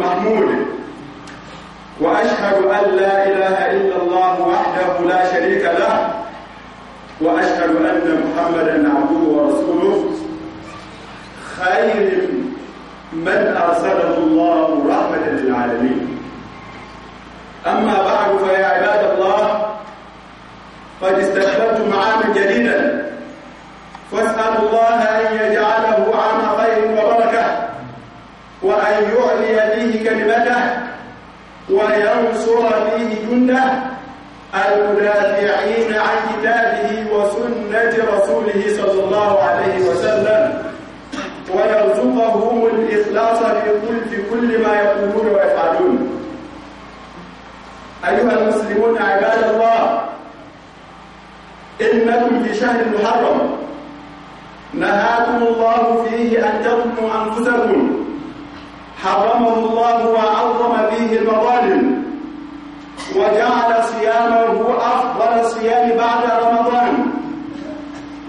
محمود وأشهد أن لا إله إلا الله وحده لا شريك له وأشهد أن محمدا عبده ورسوله خير من أرسله الله رحمة للعالمين أما بعد فيا عباد الله قد استقبلت معاما جديدا فاسأل الله فيه جنة المدافعين عن كتابه وسنة رسوله صلى الله عليه وسلم ويرزقهم الإخلاص في كل في كل ما يقولون ويفعلون أيها المسلمون عباد الله إنكم في شهر محرم نهاكم الله فيه أن تظلموا أنفسكم حرمه الله وعظم فيه المظالم وجعل صيامه أفضل صيام بعد رمضان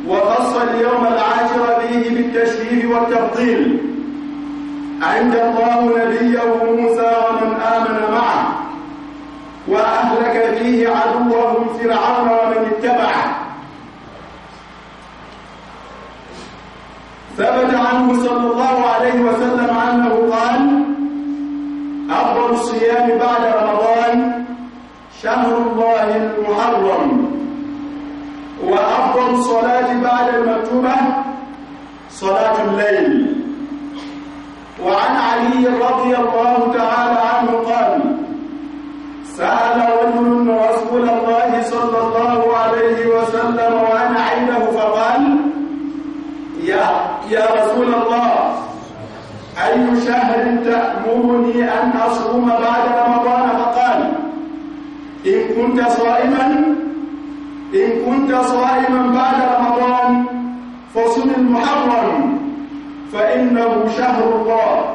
وخص اليوم العاشر به بالتشريف والتفضيل عند الله نبيه موسى ومن آمن معه وأهلك فيه عدوهم فرعون ومن اتبعه ثبت عنه صلى الله عليه وسلم أنه قال أفضل الصيام بعد رمضان شهر الله المحرم وأفضل صلاة بعد المكتوبة صلاة الليل وعن علي رضي الله تعالى عنه قال سأل رجل رسول الله صلى الله عليه وسلم عن عيبه فقال يا يا رسول الله أي شهر تأمرني أن أصوم بعد رمضان فقال إن كنت صائما إن كنت صائما بعد رمضان فصم المحرم فإنه شهر الله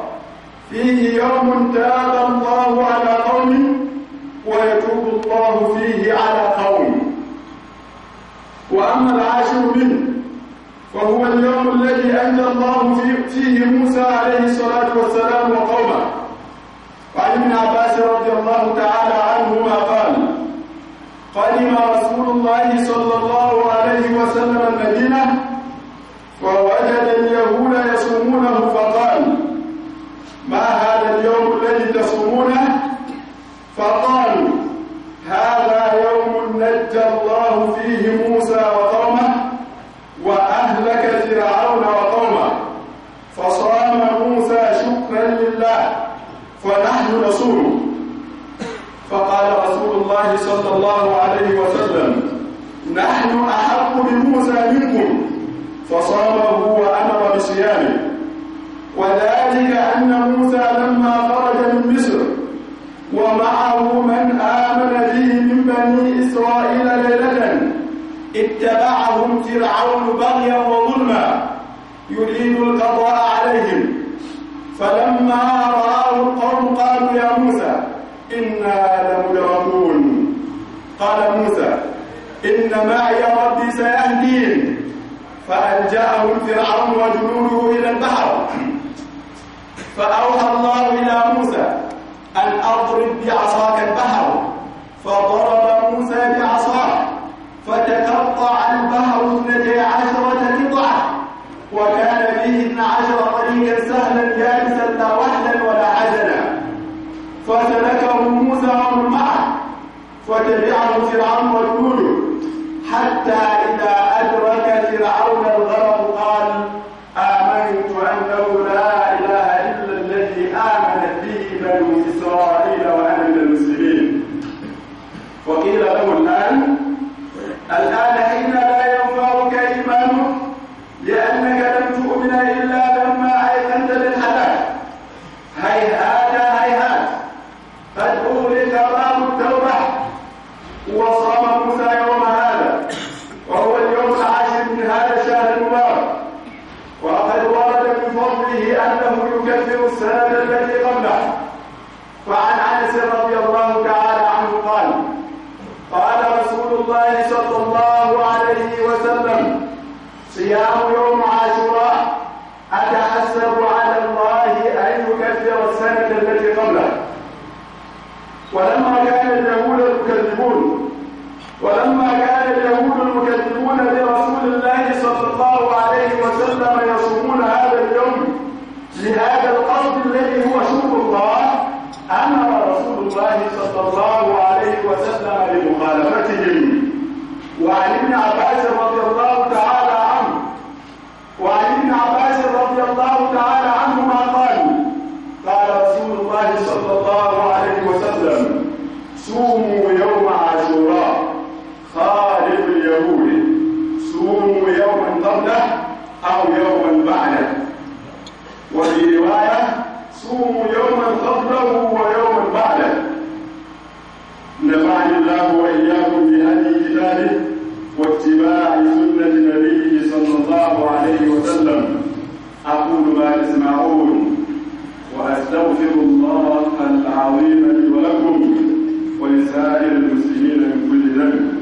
فيه يوم تاب الله على قوم ويتوب الله فيه على قوم وأما العاشر منه فهو اليوم الذي أنزل الله فيه موسى عليه الصلاة والسلام وقومه وعن ابن عباس رضي الله تعالى عنهما قال قدم رسول الله صلى الله عليه وسلم المدينة فوجد اليهود يصومونه فقال صلى الله عليه وسلم نحن أحق بموسى منكم فصامه وأمر بصيامه وذلك أن موسى لما خرج من مصر ومعه من آمن به من بني إسرائيل ليلة اتبعهم فرعون بغيا وظلما يريد القضاء عليهم فلما رآه القوم قالوا يا موسى إنا قال موسى إن معي ربي سيهدين فألجأه فرعون وجنوده إلى البحر فأوحى الله إلى موسى أن أضرب بعصاك البحر فضرب موسى بعصاك وتبعه فرعون وجنوده حتى العظيم لي ولكم ولسائر المسلمين من كل ذنب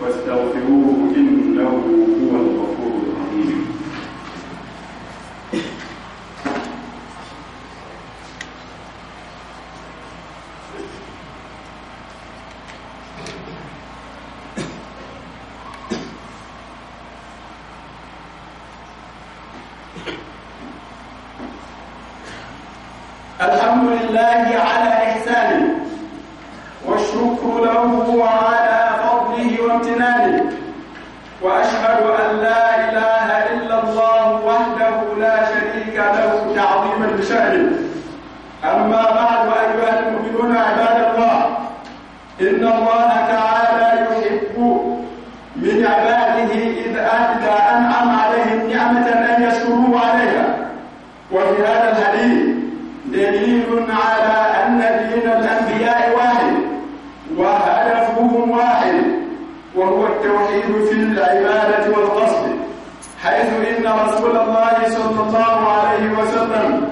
واستغفروه إنه هو الغفور الرحيم الحمد لله في العبادة والقصد حيث إن رسول الله صلى الله عليه وسلم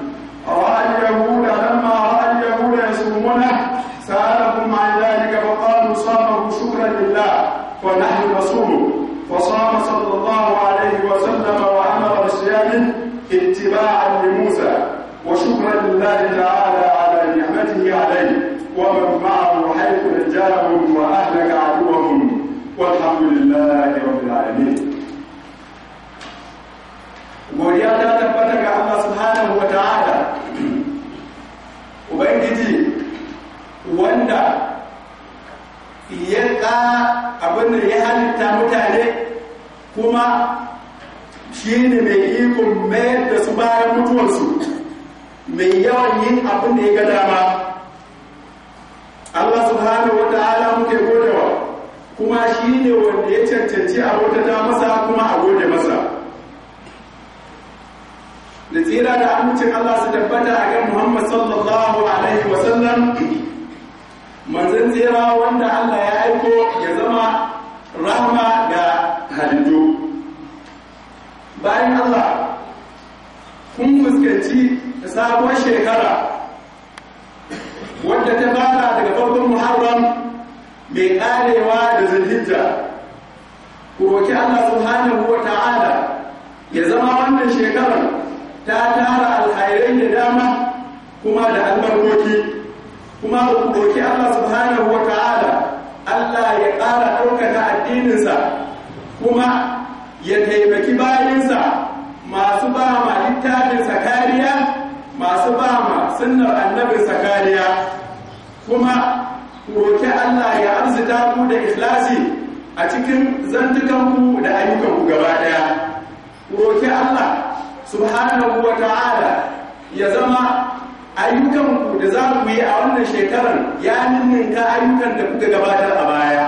رأى اليهود لما رأى اليهود يصومونه سألهم عن ذلك فقالوا صاموا شكرا لله ونحن نصوم فصام صلى الله عليه وسلم وأمر بصيامه اتباعا لموسى وشكرا لله تعالى على نعمته عليه ومن معه حيث نجاهم وأهله والحمد لله رب العالمين godiya ta tabbata ga Allah subhanahu wa ta'ala ubangiji wanda ya ka abin ya halitta mutane kuma shi ne mai ikon mayar da su bayan mutuwarsu mai yawan yin abin da ya ga dama Allah subhanahu wa ta'ala muke gode kuma shi ne wanda ya cancanci a ta masa kuma a gode masa da tsira da amincin Allah su tabbata a kan Muhammad sallallahu alaihi wasallam manzon tsira wanda Allah ya aiko ya zama rahma ga halittu bayan Allah kun fuskanci sabuwar shekara wadda ta fara daga farkon Muharram mai karewa da hijja ku roki Allah subhanahu wa ta'ala ya zama wannan shekarar ta tara alkhairai da dama kuma da albarkoki kuma ku roki Allah subhanahu wa ta'ala Allah ya ƙara ɗaukaka addininsa kuma ya taimaki bayinsa masu ba ma littafinsa kariya masu ba ma sunnar annabinsa kariya kuma roƙi Allah ya arzuta ku da ikhlasi a cikin zantukanku da ayyukanku gaba ɗaya. Roƙi Allah subhanahu wa ta'ala ya zama ayyukanku da za ku yi a wannan shekarar ya ninninka ayyukan da kuka gabatar a baya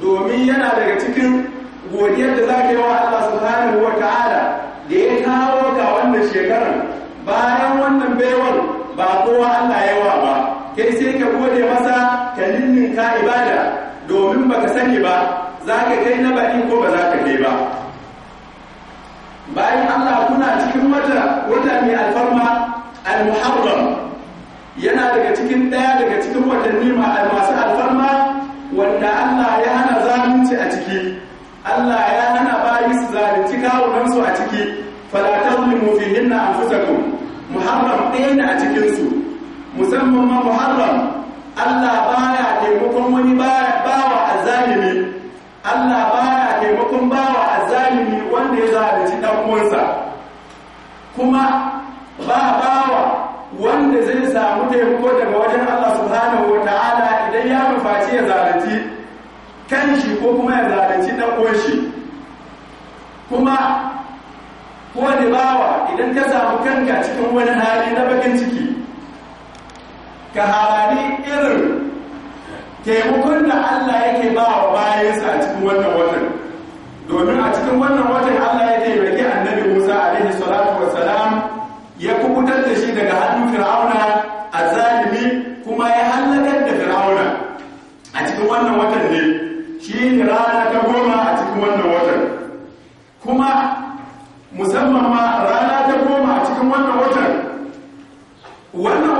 domin yana daga cikin godiyar da za ka yi wa Allah subhanahu wa ta'ala da ya kawo ka wannan shekarar bayan wannan baiwar ba kowa Allah yawa ba kai sai ka gode masa ka ninninka ibada domin baka sani ba za ka kai na baɗi ko ba za ka kai ba bayan Allah kuna cikin wata wata mai alfarma al-muharram yana daga cikin ɗaya daga cikin watanni masu alfarma wanda Allah ya hana zalunci a ciki Allah ya hana bayi su zalunci kawunansu a ciki fala tazlimu fihinna anfusakum muharram ɗaya ne a cikin su musamman ma muharram Allah baya taimakon wani bawa azalimi Allah baya taimakon bawa azalimi wanda ya zalunci dan uwansa kuma ba bawa wanda zai samu taimako daga wajen Allah subhanahu ta'ala idan ya nufaci ya zalunci shi ko kuma ya zalunci dan uwanshi kuma ko bawa idan ka samu kanka cikin wani hali na bakin ciki ka irin taimakon da Allah yake ba wa bayansa a cikin wannan watan domin a cikin wannan watan Allah ya taimaki annabi Musa alaihi salatu wa salam ya kubutar da shi daga hannun Fir'auna a zalimi kuma ya halakar da Fir'auna a cikin wannan watan ne shi ne rana ta goma a cikin wannan watan kuma musamman ma rana ta goma a cikin wannan watan wannan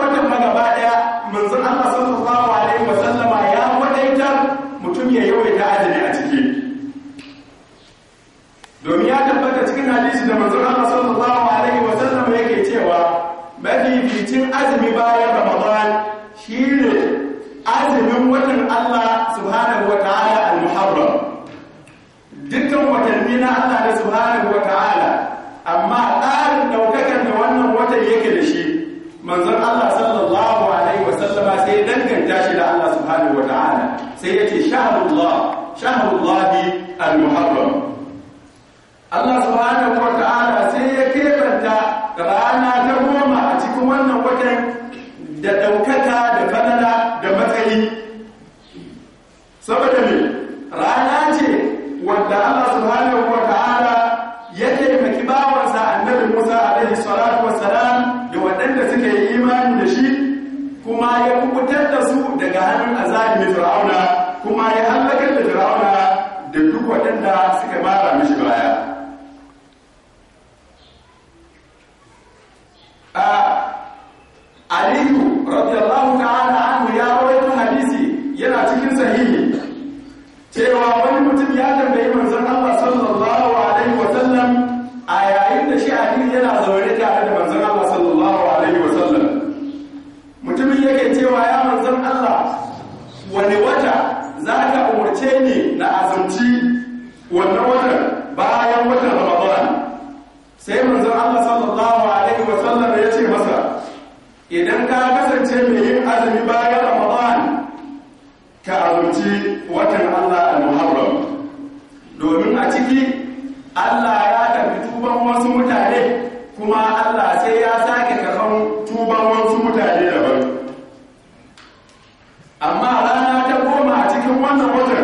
cikin azumi bayan ramadan shine azumin watan Allah subhanahu wa ta'ala al-muharram dukkan watanni na Allah da subhanahu wa ta'ala amma tsarin ɗaukakar da wannan watan yake da shi manzon Allah sallallahu alaihi wa sallama sai danganta shi da Allah subhanahu wa ta'ala sai yace shahrul za ka umarce ni na azanci wannan watan bayan watan ramadan sai manzo Allah sallallahu alaihi wa sallam ya ce masa idan ka kasance mai yin azumi bayan ramadan ka azumci watan Allah al-muharram domin a ciki Allah ya tafi tuban wasu mutane kuma Allah sai ya sake karɓar tuban wannan wata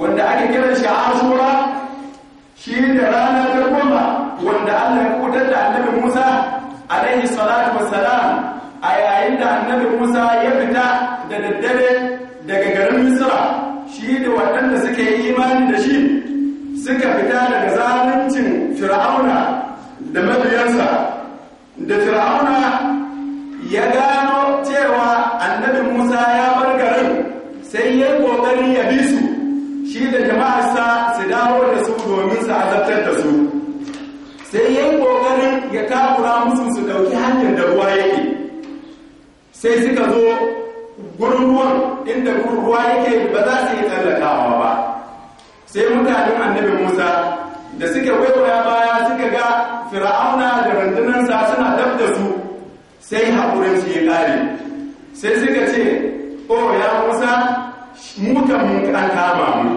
wanda ake kiran shi a asura, shi da rana ta goma wanda Allah ya kudar da annabi Musa alaihi salatu wassalam a yayin da annabi Musa ya fita da daddare daga garin Misra shi da waɗanda suka yi imani da shi suka fita daga zaluncin Fir'auna da mabiyansa da Fir'auna ya gane sai yin yi ƙoƙarin ya takura musu su ɗauki hanyar da ruwa yake sai suka zo gurin inda gurin ruwa yake ba za su yi tsallakawa ba sai mutanen annabi musa da suka waiwaya baya suka ga fir'auna da rundunarsa suna dab da su sai haƙurin su ya ƙare sai suka ce o ya musa mutan mun an kama mu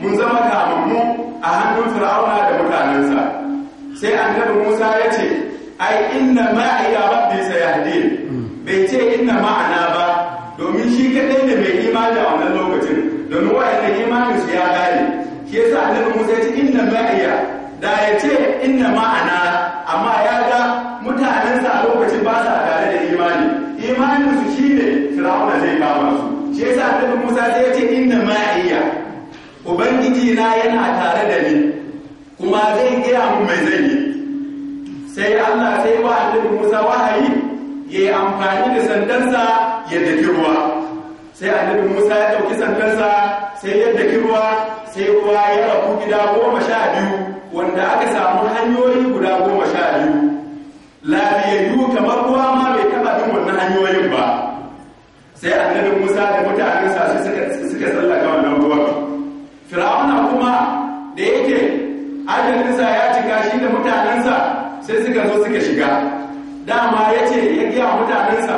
mun zama kamammu a hannun fir'auna da mutanensa sai annabi Musa ya ce ai inna ma ya rabbi sayahdi bai ce inna ma'ana ba domin shi kadai ne mai imani a wannan lokacin domin wa'anda imanin su ya gane shi yasa annabi Musa ya ce inna ma ya da ya ce inna ma'ana amma ya ga mutanensa a lokacin ba sa tare da imani imanin su shine fir'auna zai kama su shi yasa annabi Musa ya ce inna ma ya ubangiji na yana tare da ni kuma zai gaya mu mai zai yi sai Allah sai wa annabi Musa wahayi ya yi amfani da sandansa ya daki ruwa sai annabi Musa ya dauki sandansa sai ya daki ruwa sai ruwa ya rabu gida goma sha biyu wanda aka samu hanyoyi guda goma sha biyu lafiyayyu kamar ruwa ma bai taɓa bin wannan hanyoyin ba sai annabi Musa da mutanensa suka tsallaka wannan ruwan fir'auna kuma da yake ajalinsa ya cika shi da mutanensa sai suka zo suka shiga dama ya ce ya gaya mutanensa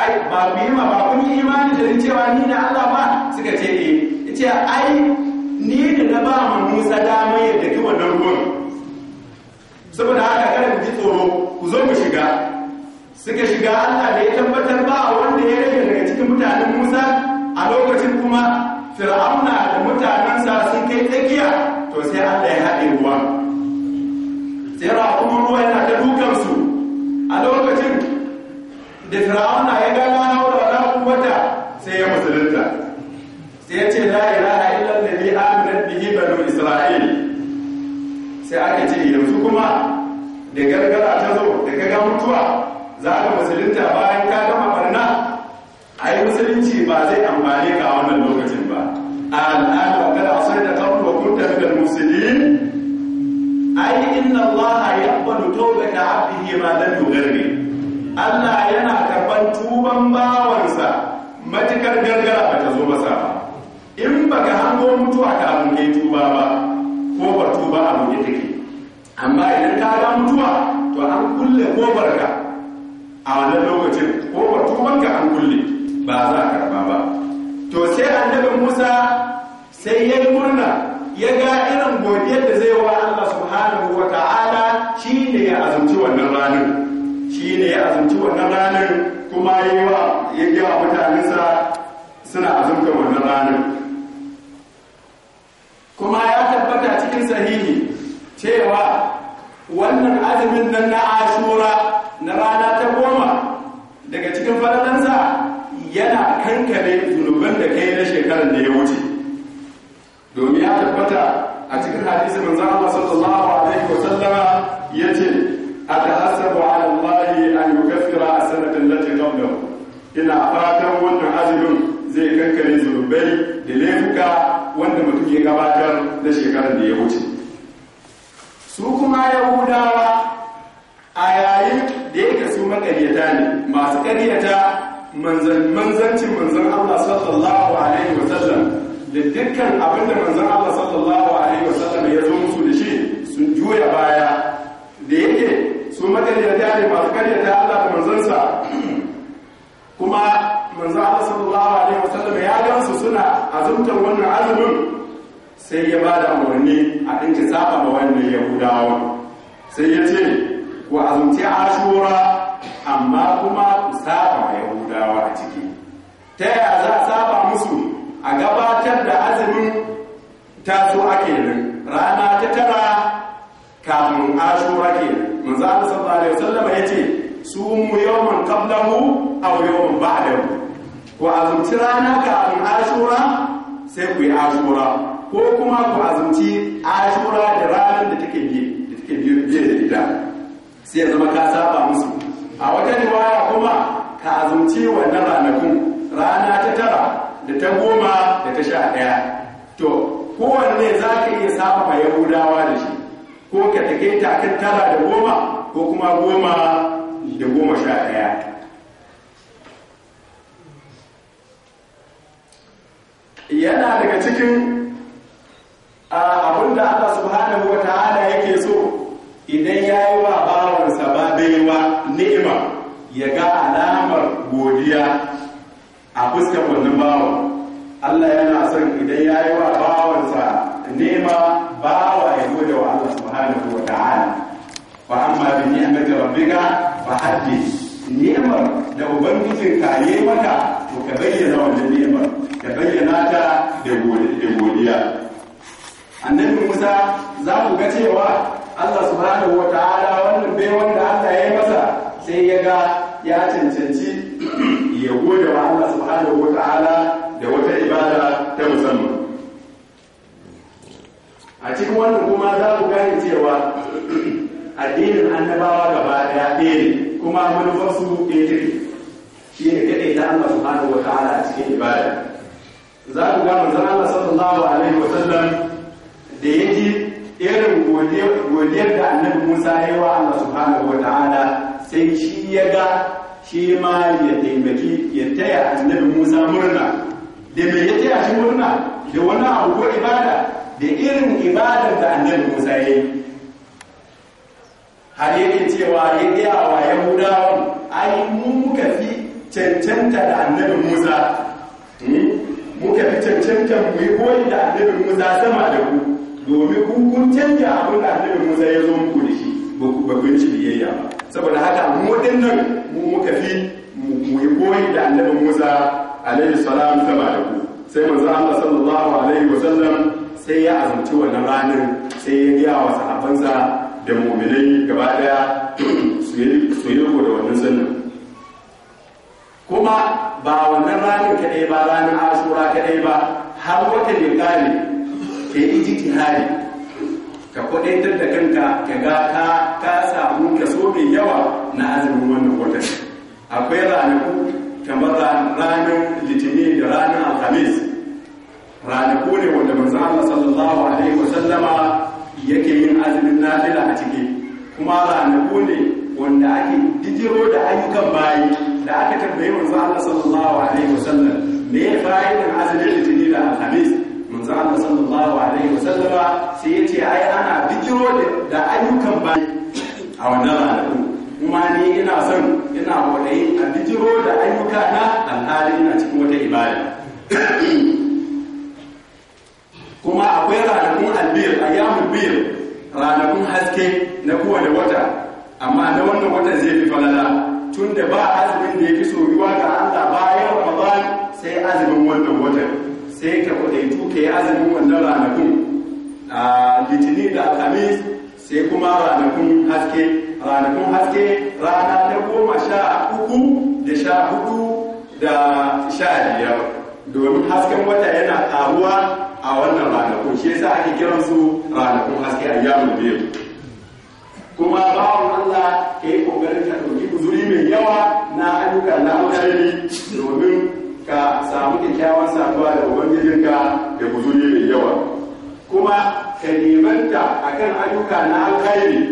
ai ba ku yi ma ba kun yi imani da cewa ni da Allah ba suka ce eh ya ce ai ni da na ba mu Musa dama ya daki wannan ruwan saboda haka kada ku ji tsoro ku zo ku shiga suka shiga Allah da ya tabbatar ba wanda ya rage daga cikin mutanen Musa a lokacin kuma Fir'auna da mutanensa sun kai tsakiya to sai Allah ya haɗe ruwa sai raƙumin ruwa yana ta su a lokacin da fir'auna ya ga na haula wala kubata sai ya musulunta sai ya ce na a ilan da allazi amanat bihi banu isra'il sai aka ce yanzu kuma da gargara ta zo da gaga mutuwa za ka musulunta bayan ka gama barna yi musulunci ba zai amfani ka wannan lokacin الآن وقد عصيت قبل وكنت من المفسدين أي إن الله يقبل توبة عبده ما لم يغرر Allah yana karban tuban bawansa matukar gargara ba ta zo masa ba in baka hango mutuwa ka abuke tuba ba ko ba tuba abuke take amma idan ka ga mutuwa to an kulle kobarka a wannan lokacin ko ba tuban ka an kulle ba za a karba ba to sai annabin musa sai ya yi murna ya ga irin godiyar da zai wa allah subhanahu wa ta'ala shi ne ya azumci wannan ranar shi ya azumci wannan ranar kuma ya yi wa ya yi wa mutanensa suna azumta wannan ranar kuma ya tabbata cikin sahihi cewa wannan azumin nan na ashura na rana ta goma daga cikin falalansa yana kankare zunuban da kai na shekarar da ya wuce domin ya tabbata a cikin hadisi manzo Allah sallallahu alaihi wa sallama yace atahasabu ala Allah an yukaffira as-sanata qablahu ina fatan wannan azumin zai kankare zunubai da laifuka wanda mutum ya gabatar na shekarar da ya wuce su kuma yahudawa a yayin da yake su maƙaryata ne masu karyata manzancin manzan Allah sallallahu alaihi wa sallam da dukkan abin da manzan Allah sallallahu alaihi wa sallam ya zo musu da shi sun juya baya da yake su makaryata ne masu karyata Allah da manzansa kuma manzan Allah sallallahu alaihi wa sallam ya gansu suna azumtar wannan azumin sai ya ba da umarni a ɗinka saba ma wannan yahudawa sai ya ce wa azumci ashura amma kuma ku saba yahudawa a ciki ta yaya za a saba musu a gabatar da azumin taso ake nan rana ta tara kafin ashura ke manzo Allah sallallahu alaihi wasallam yace sumu yawon qablahu a yawman ba'dahu ku azumci rana kafin ashura sai ku yi ashura ko kuma ku azumci ashura da ranar da take biye da take biye da ita sai ya zama ka saba musu a wata riwaya kuma ka azumci wannan ranakun rana ta tara da ta goma da ta sha ɗaya to kowanne za ka iya saba ma yahudawa da shi ko ka take takin tara da goma ko kuma goma da goma sha ɗaya yana daga cikin ah, abinda Allah subhanahu wa ta'ala yake so idan fuskar wannan bawa Allah yana son idan ya yi wa bawansa nema bawa ya gode wa Allah subhanahu wa ta'ala fa amma bi ni'mati rabbika fa haddith ni'mar da ubangijin ka yi maka to ka bayyana wannan ni'mar ka bayyana ta da godiya annabi Musa za ku ga cewa Allah subhanahu wa ta'ala wannan bai wanda Allah ya yi masa sai ya ga ya cancanci ya gode wa Allah subhanahu wa ta'ala da wata ibada ta musamman a cikin wannan kuma za ku gane cewa addinin annabawa gaba daya ɗaya ne kuma manufarsu ɗaya ne shi ne kaɗai ta Allah subhanahu wa ta'ala a cikin ibada za ku ga manzon Allah sallallahu alaihi wa sallam da ya ji irin godiyar da annabi Musa ya yi wa Allah subhanahu wa ta'ala sai shi ya ga shi ma ya taimaki ya taya annabi musa murna da me ya taya shi murna da wani abu ibada da irin ibadar da annabi musa ya yi har yake cewa ya gaya wa yahudawan ai mu muka fi cancanta da annabi musa hmm? muka fi cancanta mu yi koyi da annabi musa sama da ku domin kun canja abin da annabi musa ya zo muku da shi ba biyayya saboda haka mu dinnan mu muka fi mu yi koyi da annabi Musa alaihi salam ta da ku sai manzo Allah sallallahu alaihi wa sallam sai ya azumci wannan ranar sai ya ga wa sahabbansa da mu'minai gaba daya su yi su yi da wannan sunna kuma ba wannan ranar kadai ba ranar Ashura kadai ba har wata ne ke ijtihadi ka kwadaitar da kanka ka ga ka ka samu so mai yawa na azumin wannan watan akwai ranaku kamar ranar litini da ranar alhamis ranaku ne wanda manzo Allah sallallahu alaihi wa sallama yake yin azumin nafila a ciki kuma ranaku ne wanda ake dijiro da ayyukan bayi da aka tambaye manzo Allah sallallahu alaihi wa sallam me fa'idan azumin litini da alhamis manzo Allah sallallahu alaihi wasallama sai yace ai ana bikiro da ayyukan ba a wannan ranaku kuma ni ina son ina wadayi a bikiro da ayyuka na alhali ina cikin wata ibada kuma akwai ranakun a ayyamul biyar ranakun haske na kowane wata amma na wannan watan zai fi falala tun da ba azumin da ya fi soyuwa ga Allah bayan Ramadan sai azumin wannan watan sai ka kudaitu ka yi azumin wannan ranakun a litinin da alhamis sai kuma ranakun haske ranakun haske rana ta goma sha uku da sha hudu da sha biyar domin hasken wata yana karuwa a wannan ranakun shi yasa ake kiran su ranakun haske a yamu biyu kuma bawon Allah ka yi kokarin ka ɗauki uzuri mai yawa na ayyukan na domin ka samu kyakkyawan saduwa da ubangijinka da guzuri mai yawa kuma ka nemanta kan ayyuka na alkhairi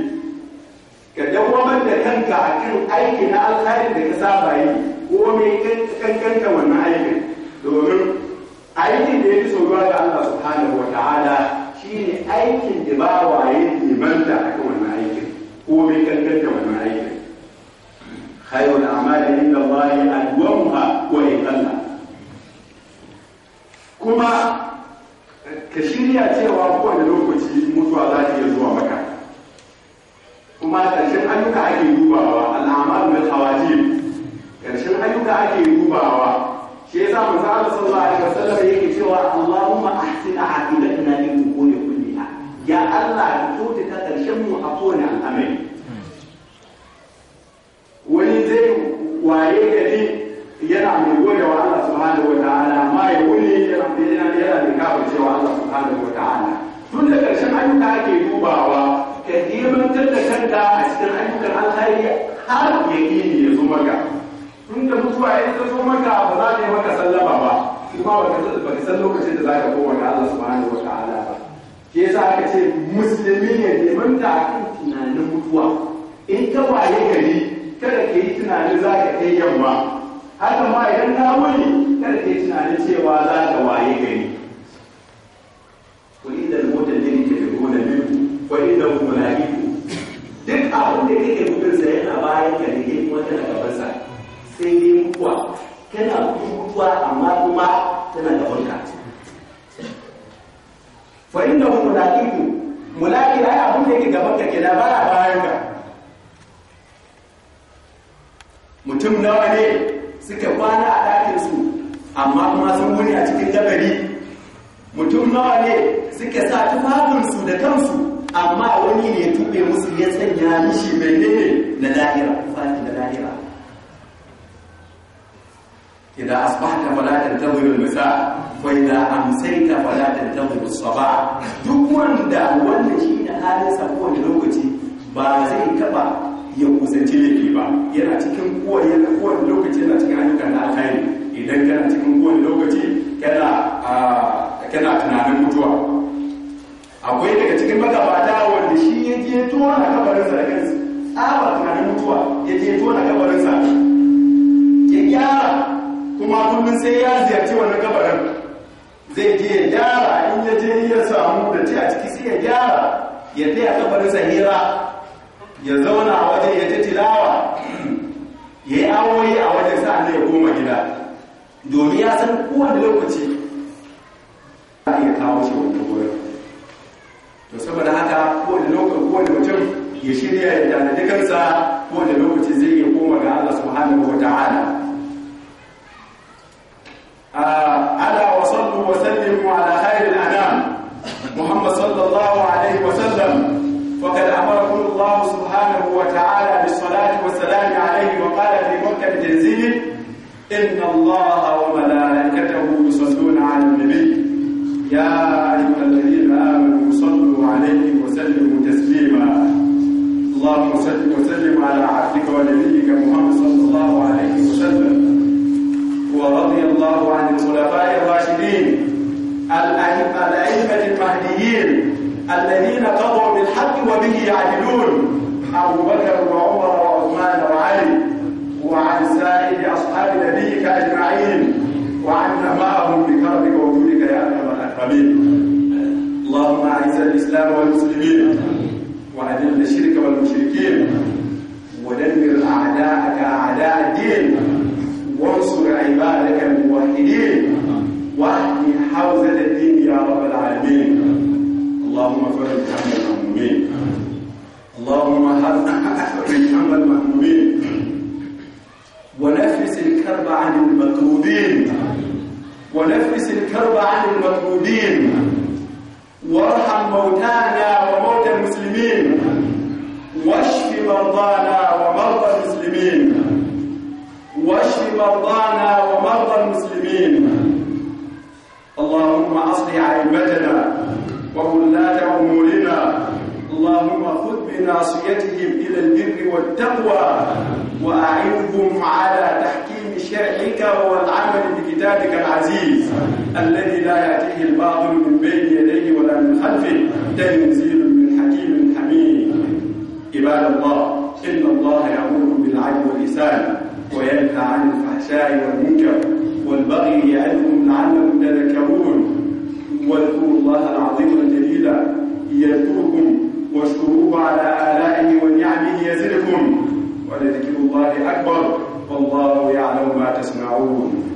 ka dawamar da kanka kan aiki na alkhairi da ka saba yi ko mai kankanta wannan aikin domin aikin da ya fi tsoruwa ga Allah subhanahu wa ta'ala shine aikin da ba waye nemanta kan wannan aikin ko mai kankanta wannan aikin خير الأعمال inda الله adwamuha wa kuma ka shirya cewa kowane lokaci mutuwa za ta iya zuwa maka kuma ƙarshen ayyuka ake dubawa al'amal mai hawajib ƙarshen ayyuka ake dubawa shi yasa manzo Allah sallallahu alaihi yake cewa Allahumma ahsin aqidatana fi umuri kulliha ya Allah tota ta ƙarshen mu a kowane al'amari wani zai waye gari yana mai gode wa subhanahu wa ta'ala ma ya wuli yana yana da kafin cewa Allah subhanahu wa ta'ala tun da ƙarshen ayyuka ake dubawa ka ilmantar da kanka a cikin ayyukan alkhairi har ya yi ya zo maka tun da mutuwa ya ta zo maka ba za ta yi maka sallama ba kuma ba ka san lokacin da za ka koma ga Allah subhanahu wa ta'ala ba ke yasa aka ce musulmi ya mun a kan tunanin mutuwa in ka waye gari kada ka yi tunanin za ka kai yamma hakan ma idan ka wuni kada ka yi tunanin cewa za ka waye gari kuli da motar ne ke da gona biyu kuli da gona biyu duk abin da kake gudun sa yana bayan ka da yin wata daga basa sai dai mutuwa kana mutuwa amma kuma tana da wanka fa inna hu mulaqiku mulaqi ai abin da yake gaban ka kenan ba bayan ka mutum nawa ne suke kwana a ɗakinsu, amma kuma sun wuni a cikin dabari mutum nawa ne suke sa tufafinsu da kansu amma wani ne tuɓe musu ya sanya mishi mai ne na lahira tufafi na lahira إذا أصبحت فلا تنتظر المساء وإذا أمسيت فلا تنتظر sabah duk wanda wanda shi da halin sa kowane lokaci ba zai taba ya kusanci laifi ba yana cikin kowane lokaci yana cikin ayyuka na alkhairi idan kana cikin kowane lokaci kana tunanin mutuwa akwai daga cikin magabata wanda shi ya je na kabarinsa sa ya tsaba tunanin mutuwa ya je kabarin kabarinsa ya gyara kuma kullum sai ya ziyarci wannan kabarin zai je ya gyara in ya je ya samu da ci a ciki sai ya gyara ya taya kabarinsa hira ya zauna a wajen ya ta tilawa ya yi awoyi a wajen sa'an ya koma gida domin ya san kowane lokaci za a iya kawo shi wani wurin to saboda haka kowane lokaci kowane mutum ya shirya ya tanadi kansa kowane lokaci zai iya koma ga Allah subhanahu wa ta'ala ala wa sallu wa sallimu ala khairil anam muhammad sallallahu alaihi wa sallam faqad amarakum Allah subhanahu سبحانه وتعالى بالصلاة والسلام عليه وقال في مكة التنزيل إن الله وملائكته يصلون على النبي يا أيها الذين آمنوا صلوا عليه وسلموا تسليما اللهم صل وسلم على عبدك ونبيك محمد صلى الله عليه وسلم ورضي الله عن الخلفاء الراشدين الأئمة المهديين الذين قضوا بالحق وبه يعدلون أبو بكر وعمر وعثمان وعلي وعن سائر أصحاب نبيك أجمعين وعنا معهم بكرمك وجودك يا أكرم الأكرمين اللهم أعز الإسلام والمسلمين وأذل الشرك والمشركين ودمر أعداءك أعداء الدين وانصر عبادك الموحدين واحمي حوزة الدين يا رب العالمين اللهم فرج هم المؤمنين اللهم فرج هم المهمومين ونفس الكرب عن المطرودين ونفس الكرب عن المطرودين وارحم موتانا وموتى المسلمين واشف مرضانا ومرضى المسلمين واشف مرضانا ومرضى المسلمين اللهم اصلح ائمتنا وولاة امورنا اللهم خذ بناصيتهم إلى البر والتقوى وأعنهم على تحكيم شرعك والعمل بكتابك العزيز الذي لا يأتيه الباطل من بين يديه ولا من خلفه تنزيل من حكيم حميد عباد الله إن الله يأمركم بالعدل واللسان وينهى عن الفحشاء والمنكر والبغي يعظكم لعلكم تذكرون واذكروا الله العظيم الجليل يذكركم واشكروه على آلائه ونعمه يزدكم ولذكر الله أكبر والله يعلم ما تسمعون